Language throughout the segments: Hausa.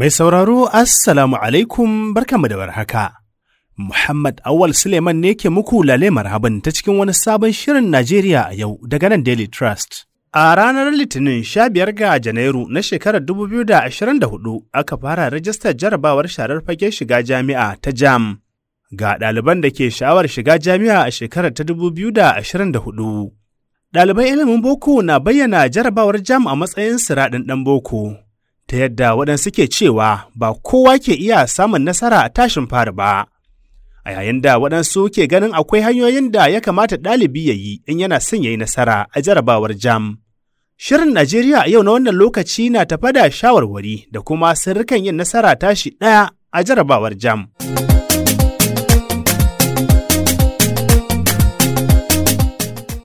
Mai sauraro Assalamu alaikum barkanmu da warhaka. Muhammad Awal Suleiman ne ke muku lale marhaban ta cikin wani sabon shirin Najeriya a yau daga nan Daily Trust. A ranar Litinin 15 ga Janairu na shekarar 2024 aka fara rajistar jarabawar sharar fage shiga jami'a ta JAM. Ga ɗaliban da ke sha'awar shiga jami'a a shekarar ta 2024. Ɗaliban ilimin boko na bayyana jarabawar JAM a matsayin siraɗin ɗan boko. ta yadda waɗansu ke cewa ba kowa ke iya samun nasara a tashin fara ba. A yayin da waɗansu ke ganin akwai hanyoyin da ya kamata ɗalibi ya yi in yana son ya yi nasara a jarabawar jam. Shirin Najeriya a yau na wannan lokaci na tafa da shawarwari da kuma sirrikan yin nasara tashi ɗaya a jarabawar jam.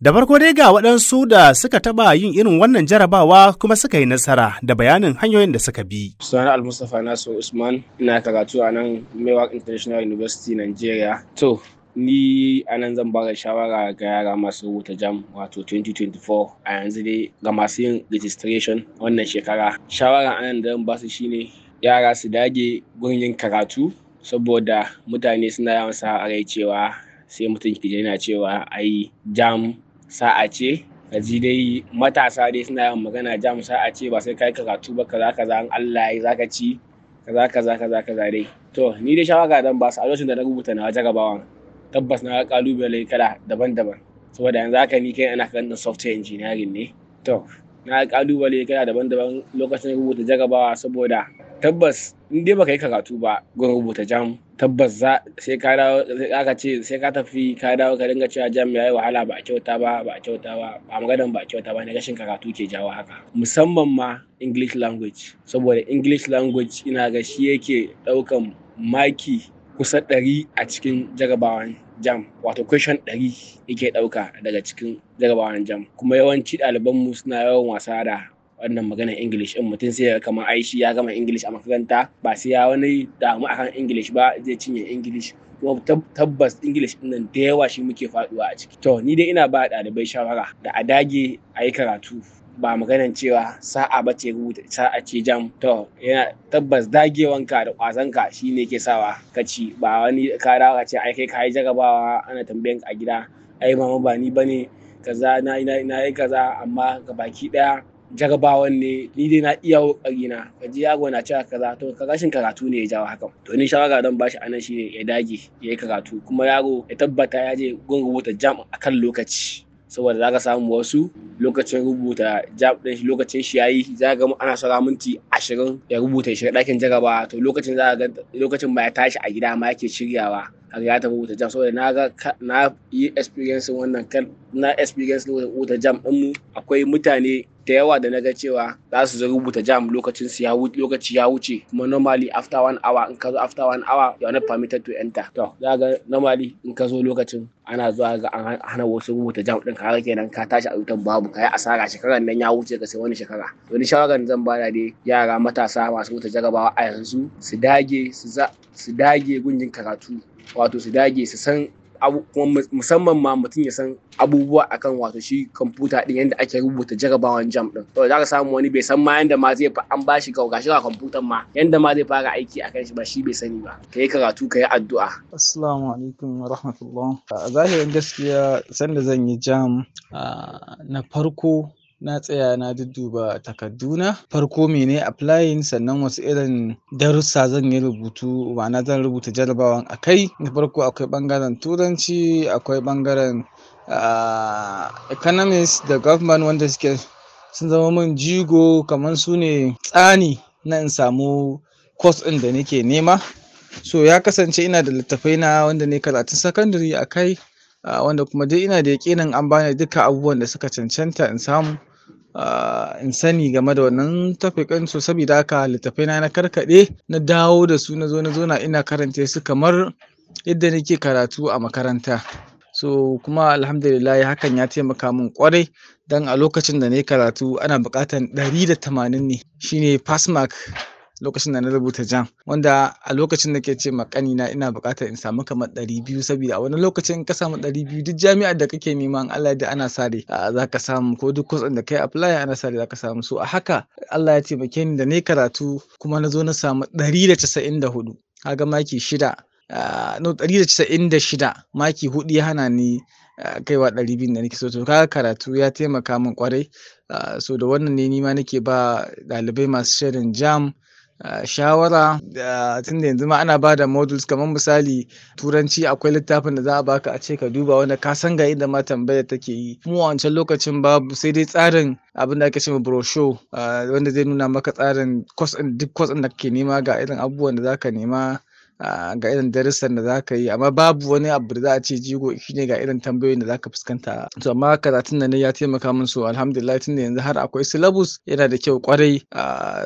Da farko dai ga waɗansu da suka taɓa yin irin wannan jarabawa kuma suka yi nasara da bayanin hanyoyin da suka bi. sunan Al-Mustapha Nasu Usman, ina karatu a nan Mewak International University Nigeria. To, ni a nan zan bada shawara ga yara masu rubuta jam wato 2024 a yanzu dai ga masu yin registration wannan shekara shawara a nan da zan basu shine yara su dage gurin yin karatu saboda mutane suna yawan sa a cewa sai mutum ke yana cewa ai jam sa'a ce Kaji ji dai matasa dai suna yawan magana ja mu sa'a ce ba sai kai karatu ba kaza kaza an Allah ya zaka ci kaza kaza kaza kaza dai to ni dai shawara dan ba su a lokacin da na rubuta na jarabawan tabbas na kalubale kala daban-daban saboda yanzu haka ni kai ana kan software engineering ne to na kalubale kala daban-daban lokacin rubuta jarabawa saboda tabbas in dai baka yi karatu ba ga rubuta jam tabbas sai ka dawo aka ce sai ka tafi ka dawo ka dinga cewa jam yayi wahala ba a kyauta ba ba a kyauta ba ba maganan ba a kyauta ba ne rashin karatu ke jawo haka musamman ma English language saboda English language ina ga shi yake daukan maki kusa ɗari a cikin jarabawan jam wato question ɗari yake ɗauka daga cikin jarabawan jam kuma yawanci ɗalibanmu suna yawan wasa da wannan magana English in mutum sai ya kama aishi ya gama English a makaranta ba sai ya wani damu akan English ba zai cinye English kuma tabbas English ɗin nan da yawa shi muke faduwa a ciki to ni dai ina ba ɗalibai shawara da a dage a yi karatu ba maganan cewa sa'a ba ce rubuta sa'a ce jam to yana tabbas dagewanka da kwazanka shine ke sawa ka ci ba wani ka dawo ce ai kai ka yi jarabawa ana tambayan a gida ai mama ba ni bane kaza na yi kaza amma ga baki daya jarabawan ne ni dai na iya kokari na ka ji yaro na cewa kaza to ka rashin karatu ne ya jawo hakan to ni shawara dan bashi anan ne ya dage ya yi karatu kuma yaro ya tabbata ya je gun rubuta jam kan lokaci saboda za ka samu wasu lokacin rubuta jam ɗin lokacin shi yayi za ga ana sara minti ashirin ya rubuta shi ɗakin jaraba to lokacin za ga lokacin ba ya tashi a gida ma yake shiryawa har ya tafi rubuta jam saboda na ga na yi experience wannan kan na experience rubuta jam ɗin mu akwai mutane da yawa da naga cewa za su zo rubuta jam lokacin su ya wuce lokaci ya wuce kuma normally after one hour in ka zo after one hour you are not permitted to enter to za ga normally in ka zo lokacin ana zuwa ga an hana wasu rubuta jam din kaga kenan ka tashi a rutan babu kai asara shekarar nan ya wuce ka sai wani shekara wani shawaran zan bada dai yara matasa masu wuta jarrabawa a yanzu su dage su dage karatu wato su dage su san kuma musamman ma mutum ya san abubuwa akan wato shi kwamfuta ɗin, yadda ake rubuta jarabawan jam ɗin. to za ka samu wani bai san ma yadda ma zai an ba shi ga shi ga kwamfutan ma yadda ma zai fara aiki akan shi ba shi bai sani ba ka yi karatu ka yi addu'a assalamu alaikum wa rahmatullah a zahirin gaskiya sanda zan yi jam ah, na farko na tsaya na dudduba takarduna farko mene applying sannan wasu irin darussa zan yi rubutu ma'ana zan rubuta jarabawan a kai na farko akwai bangaren turanci akwai bangaren ah, economics da government wanda suke sun zama mun jigo kamar su ne tsani na in samu course ɗin da nake nema so ya kasance ina da littafai na wanda ne karatun sakandare a kai ah, wanda kuma dai ina da yakinin an bani duka abubuwan da suka cancanta in samu Ah, in sani game da wannan tafikan su saboda haka littafai na na karkaɗe na dawo da su na zo na zo ina karanta su kamar yadda nake karatu a makaranta so kuma alhamdulillah hakan ya taimaka min kwarai dan a lokacin da na karatu ana da 180 ne shine pass mark lokacin da na rubuta jam wanda a lokacin da ke ce ma na ina bukatar in samu kamar ɗari biyu saboda a wani lokacin ka samu ɗari biyu duk jami'ar da kake nema in Allah da ana sare za ka samu ko duk kutsen da kai apply ana sare za ka samu so a haka Allah ya taimake ni da ne karatu kuma na zo na samu ɗari da casa'in da hudu kaga maki shida no ɗari da casa'in da shida maki hudu ya hana ni kaiwa ɗari biyu da nake so to kaga karatu ya taimaka min kwarai so da wannan ne nima nake ba ɗalibai masu shirin jam shawara da tunda yanzu ma ana ba da modules kamar misali turanci akwai littafin da za a baka a ce ka duba wanda ka san ga inda ma tambaya take yi kuma wancan lokacin babu sai dai tsarin abin da ake cewa brochure wanda zai nuna maka tsarin course duk course din da kake nema ga irin abubuwan da zaka nema ga irin darussan da za ka yi amma babu wani abu da za a ce jigo ne ga irin tambayoyin da za ka fuskanta to amma karatun da ne ya taimaka min so alhamdulillah tunda yanzu har akwai syllabus yana da kyau kwarai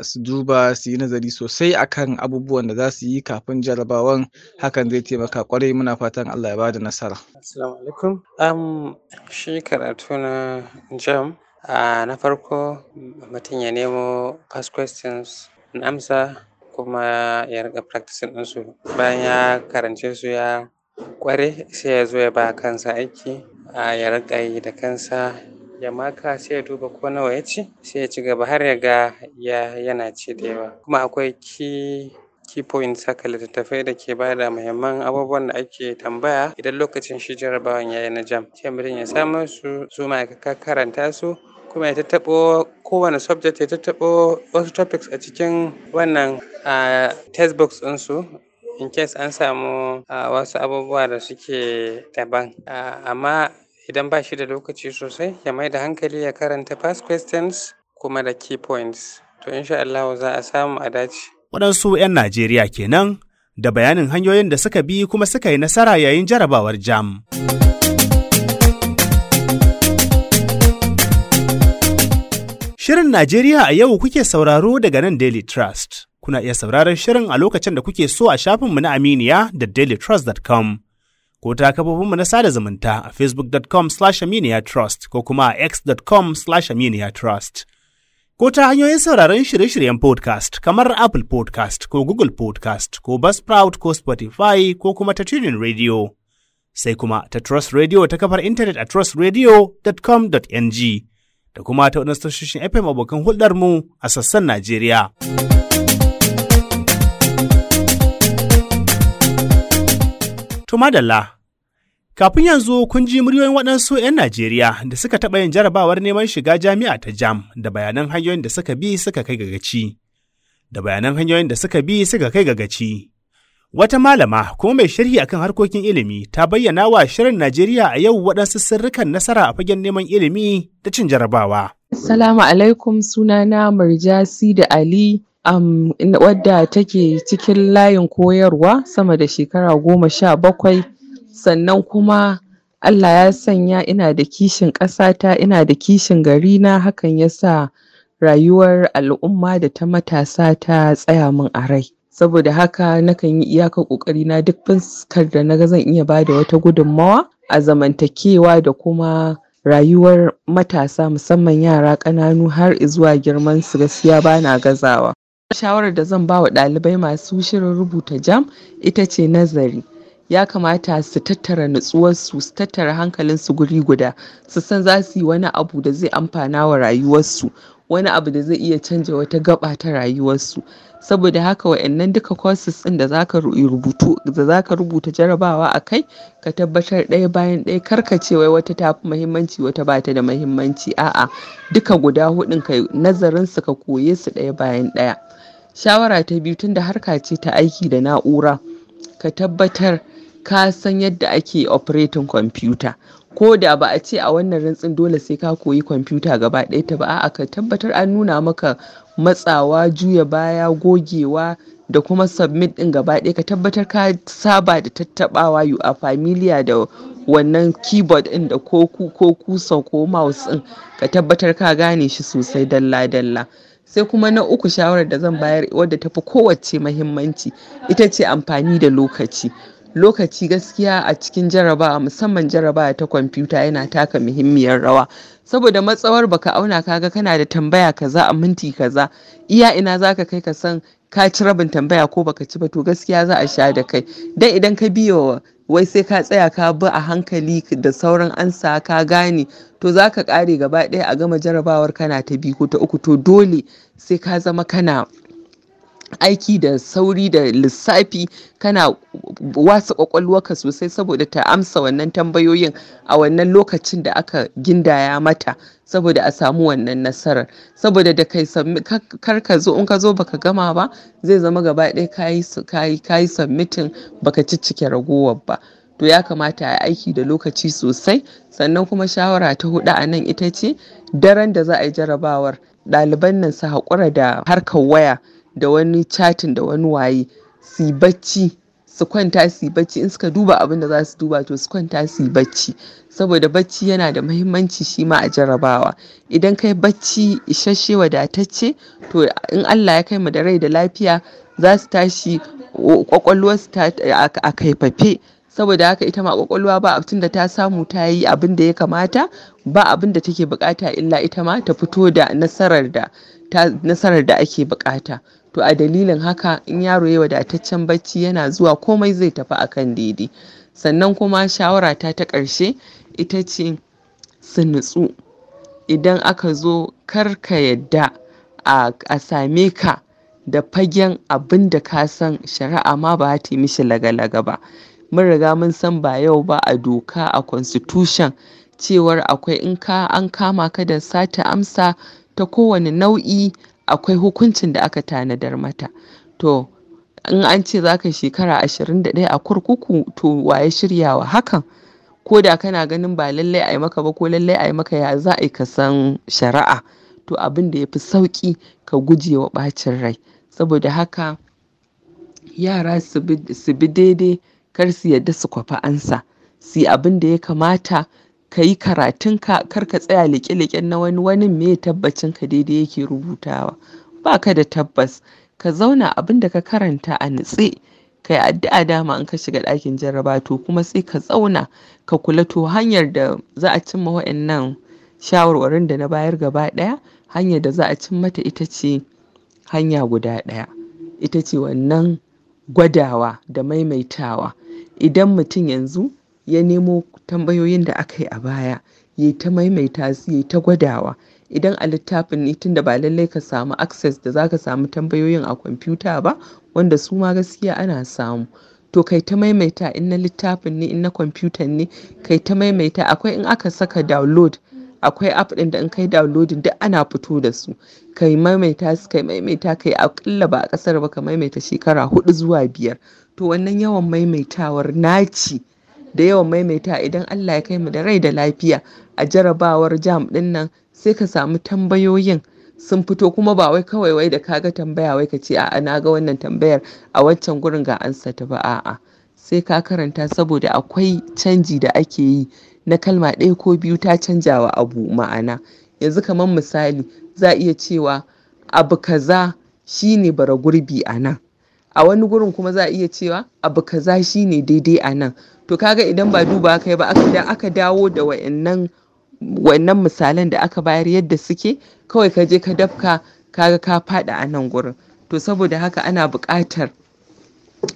su duba su yi nazari sosai akan abubuwan da za su yi kafin jarabawan hakan zai taimaka kwarai muna fatan Allah ya ba da nasara assalamu alaikum um, shi karatu na jam na farko mutum ya nemo past questions na amsa kuma ya riƙa practicing ɗinsu bayan ya karance su ya ƙware sai ya zo ya ba kansa aiki ya riƙa yi da kansa ya maka sai ya duba ko nawa ya ci sai ya ci gaba har ya ga ya yana ci da yawa kuma akwai ki key points haka littattafai da ke bada muhimman abubuwan da ake tambaya idan lokacin shi jarabawan ya yi na jam sai mutum ya samu su su ma ka karanta su kuma ya tattaɓo kowane subject ya tattaɓo wasu topics a cikin wannan test box ɗinsu in case an samu wasu abubuwa da suke daban amma idan ba shi da lokaci sosai ya mai da hankali ya karanta past questions kuma da key points to insha Allah za a samu a dace waɗansu 'yan Najeriya kenan da bayanin hanyoyin da suka bi kuma suka yi nasara yayin jarabawar jam. Najeriya a yau kuke sauraro daga nan Daily Trust. Kuna iya sauraron shirin a lokacin da kuke so a shafinmu na Aminiya da dailytrust.com ko ta kafofinmu na sada zumunta a facebook.com slash aminiyatrust ko kuma a x.com slash aminiyatrust. Ko ta hanyoyin sauraron shirye-shiryen podcast kamar Apple podcast ko Google podcast ko Buzzsprout ko Spotify ko kuma ta tunin radio. Sai kuma ta Trust Radio ta kafar intanet a trustradio.com.ng. da kuma ta waɗansu tashoshin FM abokan hulɗar mu a sassan Najeriya. To kafin yanzu kun ji muryoyin waɗansu 'yan Najeriya da suka taɓa yin jarabawar neman shiga jami'a ta jam da bayanan hanyoyin da suka bi suka kai gagaci. Da bayanan hanyoyin da suka bi suka kai gagaci. Wata malama kuma mai sharhi akan harkokin ilimi ta bayyana wa shirin Najeriya a yau waɗansu sirrikan nasara a fagen neman ilimi da cin jarabawa. Salamu alaikum Suna sunana marjasi da Ali um, wadda take cikin layin koyarwa sama da shekara goma sha bakwai sannan kuma Allah ya sanya ina da kishin ƙasata ina da kishin gari, na hakan ya sa rayuwar al'umma da ta matasa ta tsaya min a rai. saboda haka nakan yi iyakar ƙoƙari na duk fuskar da naga zan iya bada wata gudunmawa a zamantakewa da kuma rayuwar matasa musamman yara ƙananu har zuwa girman su gaskiya ba na gazawa shawarar da zan ba wa ɗalibai masu shirin rubuta jam ita ce nazari ya kamata su tattara nutsuwarsu su tattara hankalinsu guri guda su san za su yi wani abu da zai amfana wa rayuwarsu wani abu da zai iya canja wata gaba ta rayuwarsu saboda haka wa'annan duka courses ɗin da zaka rubutu da zaka rubuta jarabawa a kai ka tabbatar ɗaya bayan ɗaya kar ka ce wai wata ta fi muhimmanci wata ba ta da muhimmanci a'a duka guda hudun ka nazarin su ka koye su ɗaya bayan ɗaya shawara ta biyu tunda harka ce ta aiki da na'ura ka tabbatar ka san yadda ake operating kwamfuta. Ko da ba a ce a wannan rantsin dole sai ka koyi kwamfuta gaba ɗaya ta ba, a'a ka tabbatar an nuna maka matsawa, juya baya, gogewa da kuma submit ɗin gaba ɗaya. Ka tabbatar ka saba da tattaɓawa, you are familiar da wannan keyboard ɗin da ko kusa ko mouse ɗin. Ka tabbatar ka gane shi sosai dalla dalla. Sai kuma na uku shawarar da zan bayar wadda tafi kowacce muhimmanci ita ce amfani da lokaci. lokaci gaskiya a cikin jarabawa musamman jarabawa ta kwamfuta yana taka muhimmiyar rawa saboda matsawar baka auna kaga kana da tambaya kaza a minti kaza iya ina zaka kai ka san ka ci rabin tambaya ko baka ci ba to gaskiya za a sha da kai dan idan ka biyo wai sai ka tsaya ka bi a hankali da sauran ansa ka gane to za ka kare gaba ɗaya a gama jarabawar kana ta biyu ko ta uku to dole sai ka zama kana aiki da sauri da lissafi kana wasa kwakwalwarka sosai saboda ta amsa wannan tambayoyin a wannan lokacin da aka gindaya mata saboda a samu wannan nasarar saboda da kai ka zo in ka zo baka gama ba zai zama gaba ɗaya ka kayi sammitin baka ciccike ragowar ba to ya kamata a aiki da lokaci sosai sannan kuma shawara ta hudu a nan ita ce daren da za a yi jarabawar ɗaliban nan su haƙura da harkar waya da wani chatting da wani waye su bacci su kwanta su bacci in suka duba abin da za su duba to su kwanta su bacci saboda bacci yana da mahimmanci shi ma a jarabawa idan kai bacci isasshe wadatacce to in Allah ya kai mu da rai da lafiya za su tashi kwakwalwa su ta a kaifafe saboda haka ita ma kwakwalwa ba abin da ta samu ta yi abin da ya kamata ba abin da take bukata illa ita ma ta fito da nasarar da nasarar da ake bukata to a dalilin haka in yaro ya wadataccen bacci yana zuwa komai zai tafi a kan daidai sannan kuma shawarata ta ƙarshe ita ce su nutsu idan aka zo kar ka yadda a same ka da fagen abin da ka san shari'a ma ba ta yi mishi laga-laga ba mun riga mun san ba yau ba a doka a constitution cewar akwai in ka an kama ka da sata amsa ta kowane nau'i akwai hukuncin da aka tanadar mata to in an ce za ka shekara 21 a kurkuku to waye shiryawa hakan ko da kana ganin ba lallai a yi maka ba ko lallai a yi maka ya za a yi ka san shari'a to abin da ya fi sauƙi ka guje wa ɓacin rai saboda haka yara su bi daidai kar su yadda su kwafi ansa su yi abin da ya kamata ka yi karatunka kar ka tsaya leƙe-leƙen na wani wani me tabbacin ka daidai yake rubutawa ba ka da tabbas ka zauna abin da ka karanta a nutse ka yi addu'a dama in ka shiga ɗakin jarraba to kuma sai ka zauna ka kula to hanyar da za a cimma wa'annan shawarwarin da na bayar gaba ɗaya hanyar da za a cimma ta ita ce hanya guda ɗaya ita ce wannan gwadawa da maimaitawa idan mutum yanzu ya nemo tambayoyin da aka yi a baya ya ta maimaita su ya ta gwadawa idan a littafin ne tunda ba lallai ka samu access da zaka samu tambayoyin a kwamfuta ba wanda su ma gaskiya ana samu to kai ta maimaita in na littafin ne in na kwamfuta ne kai ta maimaita akwai in aka saka download akwai app ɗin da in kai download duk ana fito da su kai maimaita su kai maimaita kai akalla ba a ƙasar ba ka maimaita shekara hudu zuwa biyar to wannan yawan maimaitawar naci da yawan maimaita idan Allah ya kai mu da rai da lafiya a jarabawar jam ɗin nan sai ka samu tambayoyin sun fito kuma ba wai kawai wai da kaga tambaya wai ka ce a'a na ga wannan tambayar a wancan gurin ga ansa ta ba a'a sai ka karanta saboda akwai canji da ake yi na kalma ɗaya ko biyu ta canja wa abu ma'ana yanzu kamar misali za iya cewa abu kaza shine bara gurbi a nan a wani gurin kuma za iya cewa abu kaza shine daidai a nan to kaga idan ba duba kai ba aka dawo da wa'annan wayannan misalan da aka bayar yadda suke kawai ka je ka dafka kaga ka fada a nan gurin to saboda haka ana buƙatar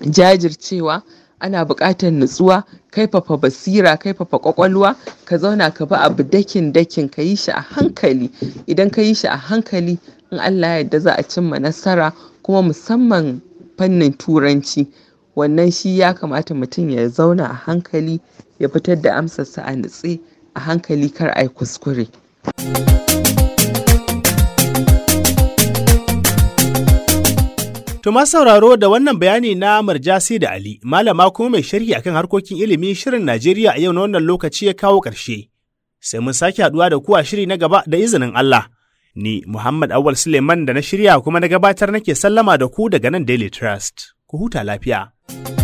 jajircewa ana buƙatar nutsuwa kaifafa basira kaifafa ƙwaƙwalwa ka zauna ka bi abu dakin dakin ka yi shi a hankali idan ka yi shi a hankali in allah ya yarda za a cimma nasara kuma musamman fannin turanci wannan shi ya kamata mutum ya zauna a hankali ya fitar da amsarsa a nutse a hankali kar a yi kuskure. Tuma sauraro da wannan bayani na Marjasi da Ali, malama kuma mai sharhi akan harkokin ilimi shirin Najeriya a yau na wannan lokaci ya kawo ƙarshe. Sai mun sake haɗuwa da kuwa shiri na gaba da izinin Allah. Ni Muhammad Awal Suleiman da na shirya kuma na gabatar nake sallama da ku daga nan Daily Trust. Ku huta lafiya. Thank you